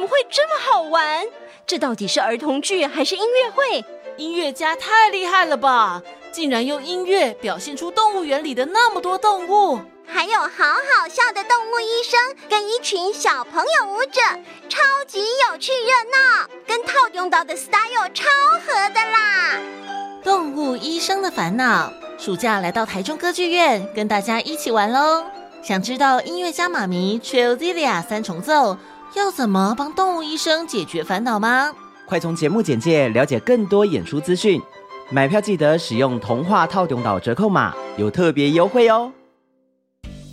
怎麼會這麼好玩？這到底是兒童劇還是音樂會？音樂家太厲害了吧！竟然用音樂表現出動物園裡的那麼多動物，還有好好笑的動物醫生跟一群小朋友舞者，超級有趣熱鬧，跟套用到的 style 超合的啦！動物醫生的煩惱，暑假來到台中歌劇院跟大家一起玩嘍！想知道音樂家媽咪 Trio Zilia 三重奏，要怎麼幫動物醫生解決煩惱嗎？惱嗎，快從節目簡介了解更多演出資訊，買票記得使用童話透中島折扣碼，有特別優惠哦。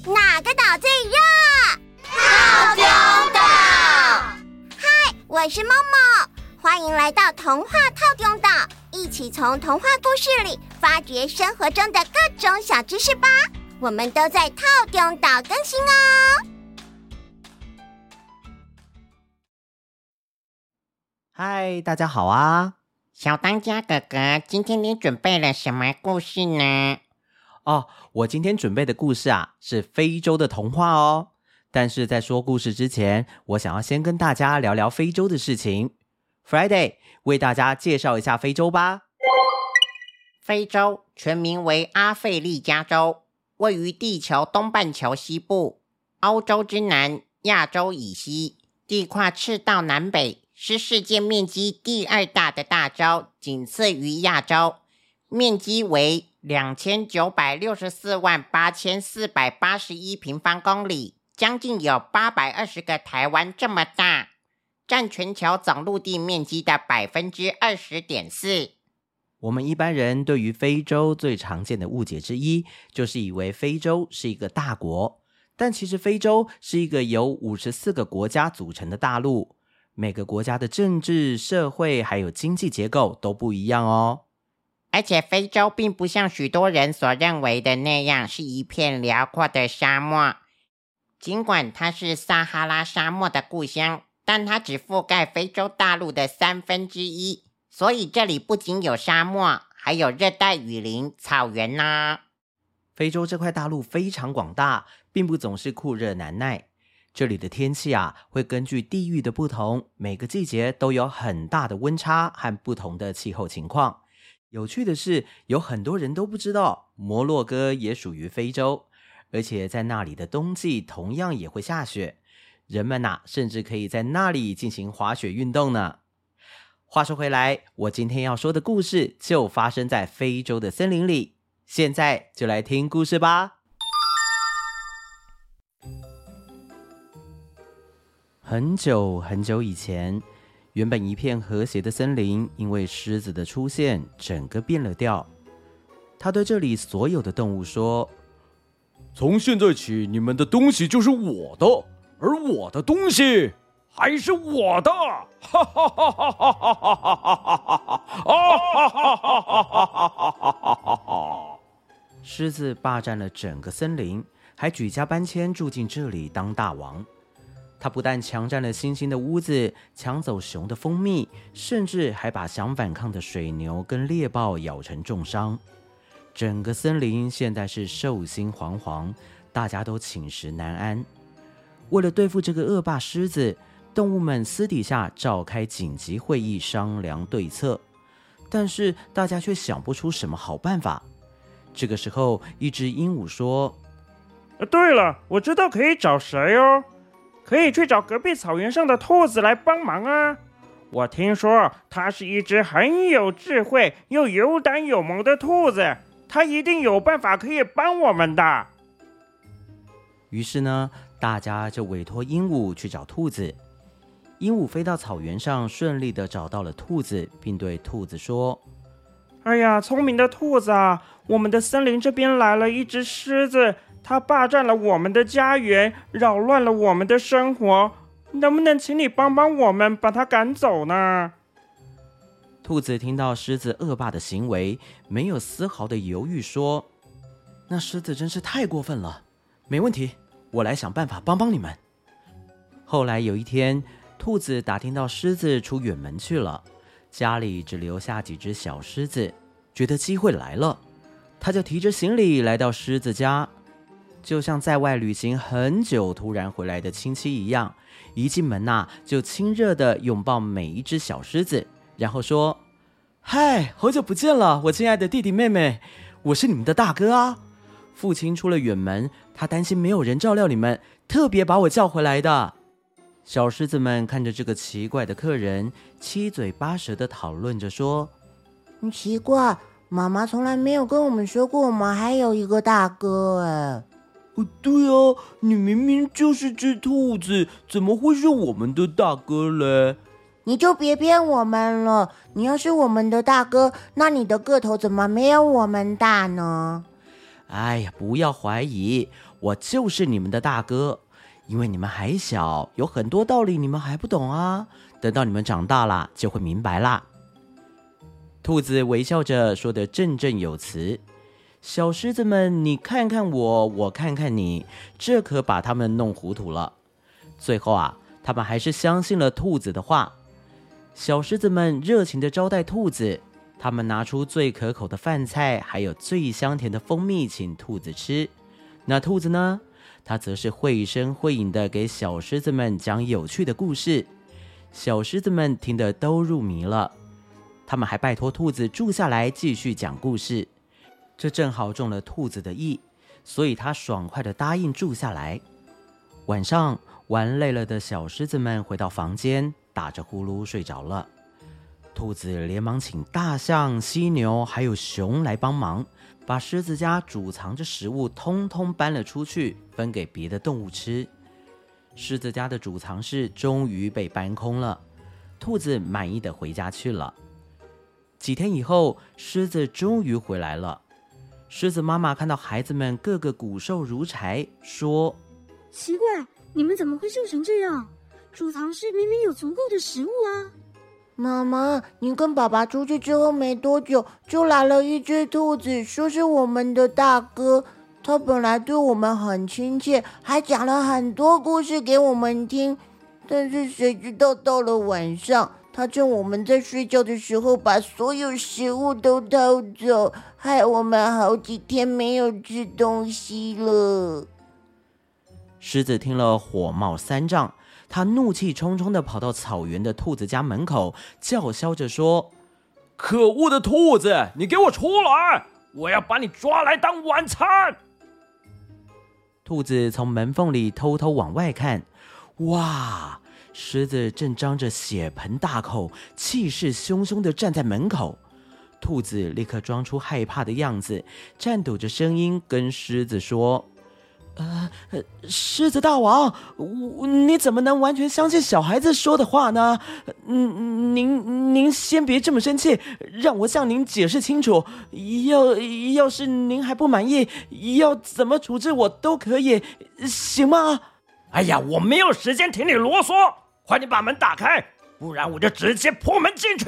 哪個島最熱？透中島！嗨，我是 Momo，歡迎來到童話透中島，一起從童話故事裡發掘生活中的各種小知識吧。我們都在透中島更新哦。嗨，Hi，大家好啊！小當家哥哥，今天你準備了什麼故事呢？哦，我今天準備的故事啊，是非洲的童話哦。但是在說故事之前，我想要先跟大家聊聊非洲的事情。Friday 為大家介紹一下非洲吧。非洲全名為阿非利加洲，位於地球東半球西部，歐洲之南，亞洲以西，地跨赤道南北。是世界面積第二大的大洲，僅次於亞洲，面積為兩千九百六十四萬八千四百八十一平方公里，將近有八百二十個台灣這麼大，占全球總陸地面積的百分之二十點四。我們一般人對於非洲最常見的誤解之一，就是以為非洲是一個大國，但其實非洲是一個由五十四個國家組成的大陸。每個國家的政治、社會還有經濟結構都不一樣哦。而且非洲並不像許多人所認為的那樣是一片遼闊的沙漠，儘管它是撒哈拉沙漠的故鄉，但它只覆蓋非洲大陸的三分之一。所以這裡不僅有沙漠，還有熱帶雨林、草原吶、哦。非洲這塊大陸非常廣大，並不總是酷熱難耐。這裡的天氣啊，會根據地域的不同，每個季節都有很大的溫差和不同的氣候情況。有趣的是，有很多人都不知道摩洛哥也屬於非洲，而且在那裡的冬季同樣也會下雪，人們吶、啊，甚至可以在那裡進行滑雪運動呢。話說回來，我今天要說的故事就發生在非洲的森林裡，現在就來聽故事吧。很久很久以前，原本一片和諧的森林，因為獅子的出現，整個變了調。他對這裡所有的動物說：“從現在起，你們的東西就是我的，而我的東西還是我的。”哈哈哈哈！獅子霸占了整個森林，還舉家搬遷住進這裡當大王。他不但強占了猩猩的屋子，搶走熊的蜂蜜，甚至還把想反抗的水牛跟獵豹咬成重傷。整個森林現在是獸心惶惶，大家都寢食難安。為了對付這個惡霸獅子，動物們私底下召開緊急會議商量對策，但是大家卻想不出什麼好辦法。這個時候，一隻鸚鵡說：“對了，我知道可以找誰哦。”可以去找隔壁草原上的兔子來幫忙啊！我聽說它是一隻很有智慧又有膽有謀的兔子，它一定有辦法可以幫我們的。於是呢，大家就委托鸚鵡去找兔子。鸚鵡飛到草原上，順利的找到了兔子，並對兔子說：“哎呀，聰明的兔子啊，我們的森林這邊來了一隻獅子。”他霸占了我們的家園，擾亂了我們的生活，能不能請你幫幫我們，把他趕走呢？兔子聽到獅子惡霸的行為，沒有絲毫的猶豫，說：“那獅子真是太過分了，沒問題，我來想辦法幫幫你們。”後來有一天，兔子打聽到獅子出遠門去了，家裡只留下幾只小獅子，覺得機會來了，他就提着行李來到獅子家。就像在外旅行很久突然回來的親戚一樣，一進門吶、啊、就親熱地擁抱每一只小獅子，然後說：“嗨，好久不見了，我親愛的弟弟妹妹，我是你們的大哥啊！父親出了遠門，他擔心沒有人照料你們，特別把我叫回來的。”小獅子們看着這個奇怪的客人，七嘴八舌地討論着說：“很奇怪，媽媽從來沒有跟我們說過我們還有一個大哥誒、欸。”對啊，你明明就是隻兔子，怎麼會是我們的大哥嘞？你就別騙我們了。你要是我們的大哥，那你的個頭怎麼沒有我們大呢？哎呀，不要懷疑，我就是你們的大哥，因為你們還小，有很多道理你們還不懂啊。等到你們長大了，就會明白啦。兔子微笑着說得振振有詞。小獅子們，你看看我，我看看你，這可把他們弄糊塗了。最後啊，他們還是相信了兔子的話。小獅子們熱情地招待兔子，他們拿出最可口的飯菜，還有最香甜的蜂蜜，請兔子吃。那兔子呢？它則是繪聲繪影地給小獅子們講有趣的故事，小獅子們聽得都入迷了。他們還拜托兔子住下來，繼續講故事。這正好中了兔子的意，所以他爽快地答應住下來。晚上玩累了的小獅子們回到房間，打着呼嚕睡着了。兔子連忙請大象、犀牛還有熊來幫忙，把獅子家儲藏着食物通通搬了出去，分給別的動物吃。獅子家的儲藏室終於被搬空了，兔子滿意的回家去了。幾天以後，獅子終於回來了。獅子媽媽看到孩子們個個骨瘦如柴，說：“奇怪，你們怎麼會瘦成這樣？儲藏室明明有足夠的食物啊！”媽媽，你跟爸爸出去之後沒多久，就來了一隻兔子，說是我們的大哥。他本來對我們很親切，還講了很多故事給我們聽。但是誰知道到了晚上。他趁我們在睡覺的時候，把所有食物都偷走，害我們好幾天沒有吃東西了。獅子聽了火冒三丈，他怒氣沖沖地跑到草原的兔子家門口，叫囂着說：“可惡的兔子，你給我出來！我要把你抓來當晚餐。”兔子從門縫裡偷偷往外看，哇！獅子正張着血盆大口，氣勢洶洶地站在門口。兔子立刻裝出害怕的樣子，顫抖着聲音跟獅子說：“呃，獅子大王，我你怎麼能完全相信小孩子說的話呢？您您先別這麼生氣，讓我向您解釋清楚。要要是您還不滿意，要怎麼處置我都可以，行嗎？”哎呀，我沒有時間聽你囉嗦。快點把門打開，不然我就直接破門進去！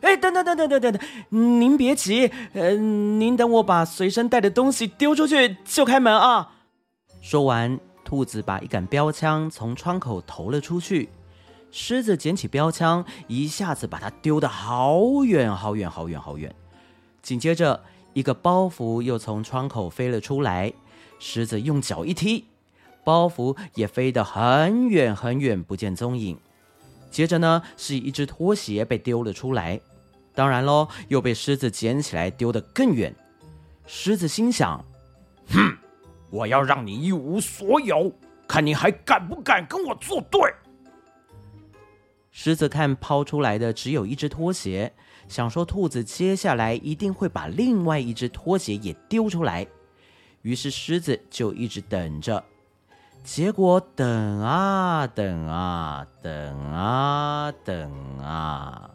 哎，等等等等等等等，您別急，嗯、呃，您等我把隨身帶的東西丟出去就開門啊！說完，兔子把一桿標槍從窗口投了出去，獅子撿起標槍，一下子把它丟得好遠好遠好遠好遠。緊接着，一個包袱又從窗口飛了出來，獅子用腳一踢。包袱也飛得很遠很遠，不見蹤影。接着呢，是一隻拖鞋被丟了出來，當然嘍，又被獅子撿起來丟得更遠。獅子心想：“哼，我要讓你一無所有，看你還敢不敢跟我作對。”獅子看拋出來的只有一隻拖鞋，想說兔子接下來一定會把另外一隻拖鞋也丟出來，於是獅子就一直等着。結果等啊等啊等啊等啊，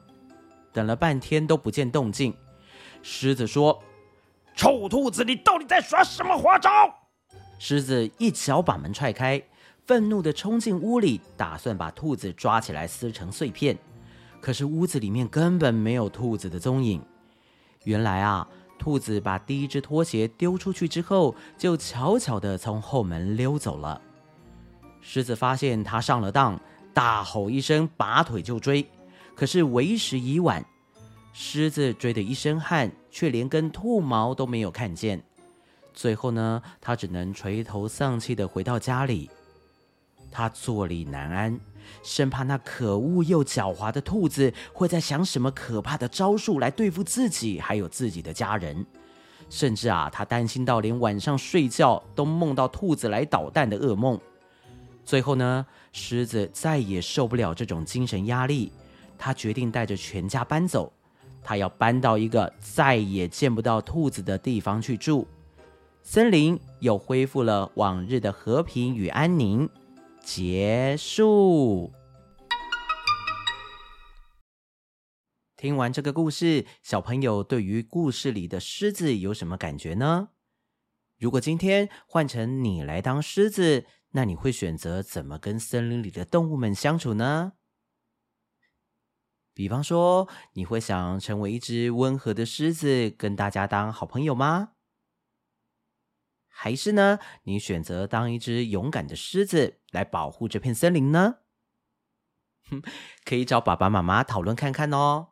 等了半天都不見動靜。獅子說：“臭兔子，你到底在耍什麼花招？”獅子一腳把門踹開，憤怒地衝進屋裡，打算把兔子抓起來撕成碎片。可是屋子裡面根本沒有兔子的蹤影。原來啊，兔子把第一隻拖鞋丟出去之後，就悄悄地從後門溜走了。獅子發現他上了當，大吼一聲，拔腿就追。可是為時已晚，獅子追得一身汗，卻連根兔毛都沒有看見。最後呢，他只能垂頭喪氣地回到家裡。他坐立難安，生怕那可惡又狡猾的兔子會在想什麼可怕的招數來對付自己，還有自己的家人。甚至啊，他擔心到連晚上睡覺都夢到兔子來搗蛋的噩夢。最後呢，獅子再也受不了這種精神壓力，他決定帶着全家搬走。他要搬到一個再也見不到兔子的地方去住。森林又恢復了往日的和平與安寧。結束。聽完這個故事，小朋友對於故事裡的獅子有什麼感覺呢？如果今天換成你來當獅子，那你會選擇怎麼跟森林裡的動物們相處呢？比方說，你會想成為一隻溫和的獅子，跟大家當好朋友嗎？還是呢，你選擇當一隻勇敢的獅子，來保護這片森林呢？呵，可以找爸爸媽媽討論看看哦。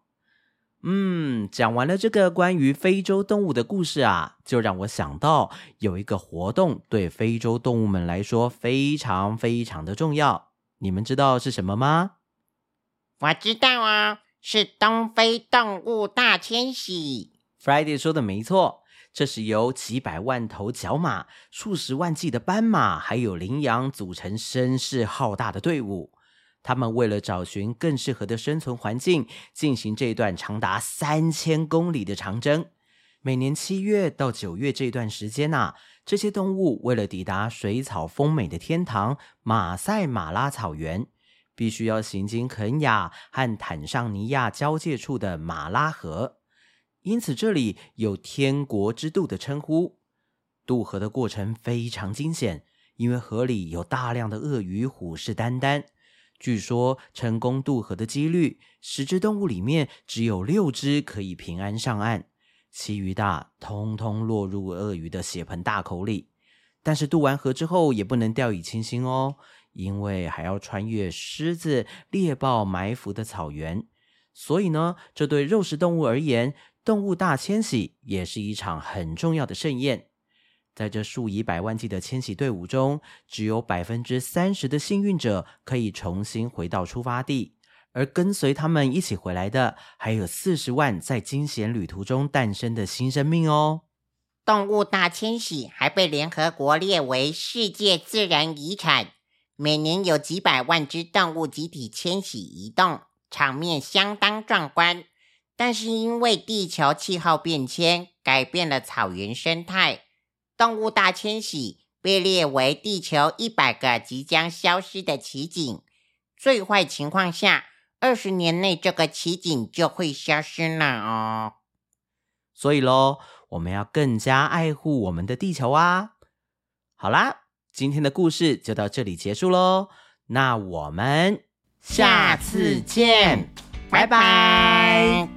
嗯，講完了這個關於非洲動物的故事啊，就讓我想到有一個活動，對非洲動物們來說非常非常的重要。你們知道是什麼嗎？我知道啊，是東非動物大遷徙。Friday 說的沒錯，這是由幾百萬頭角馬、數十萬計的斑馬，還有羚羊組成聲勢浩大的隊伍。他們為了找尋更適合的生存環境，進行這段長達三千公里的長征。每年七月到九月這段時間吶、啊，這些動物為了抵達水草豐美的天堂馬賽馬拉草原，必須要行經肯亞和坦桑尼亞交界處的馬拉河，因此這裡有“天國之渡”的稱呼。渡河的過程非常驚險，因為河裡有大量的鱷魚虎視眈眈。據說，成功渡河的幾率，十隻動物裡面只有六隻可以平安上岸，其餘的通通落入鱷魚的血盆大口裡。但是渡完河之後，也不能掉以輕心哦，因為還要穿越獅子、獵豹埋伏的草原。所以呢，這對肉食動物而言，動物大遷徙也是一場很重要的盛宴。在這數以百萬計的遷徙隊伍中，只有百分之三十的幸運者可以重新回到出發地，而跟隨他們一起回來的，還有四十萬在驚險旅途中誕生的新生命哦。動物大遷徙還被聯合國列為世界自然遺產，每年有幾百萬只動物集體遷徙移動，場面相當壯觀。但是因為地球氣候變遷，改變了草原生態。動物大遷徙被列為地球一百個即將消失的奇景，最壞情況下，二十年內這個奇景就會消失了哦。所以嘍，我們要更加愛護我們的地球啊！好啦，今天的故事就到這裡結束嘍，那我們下次見，拜拜。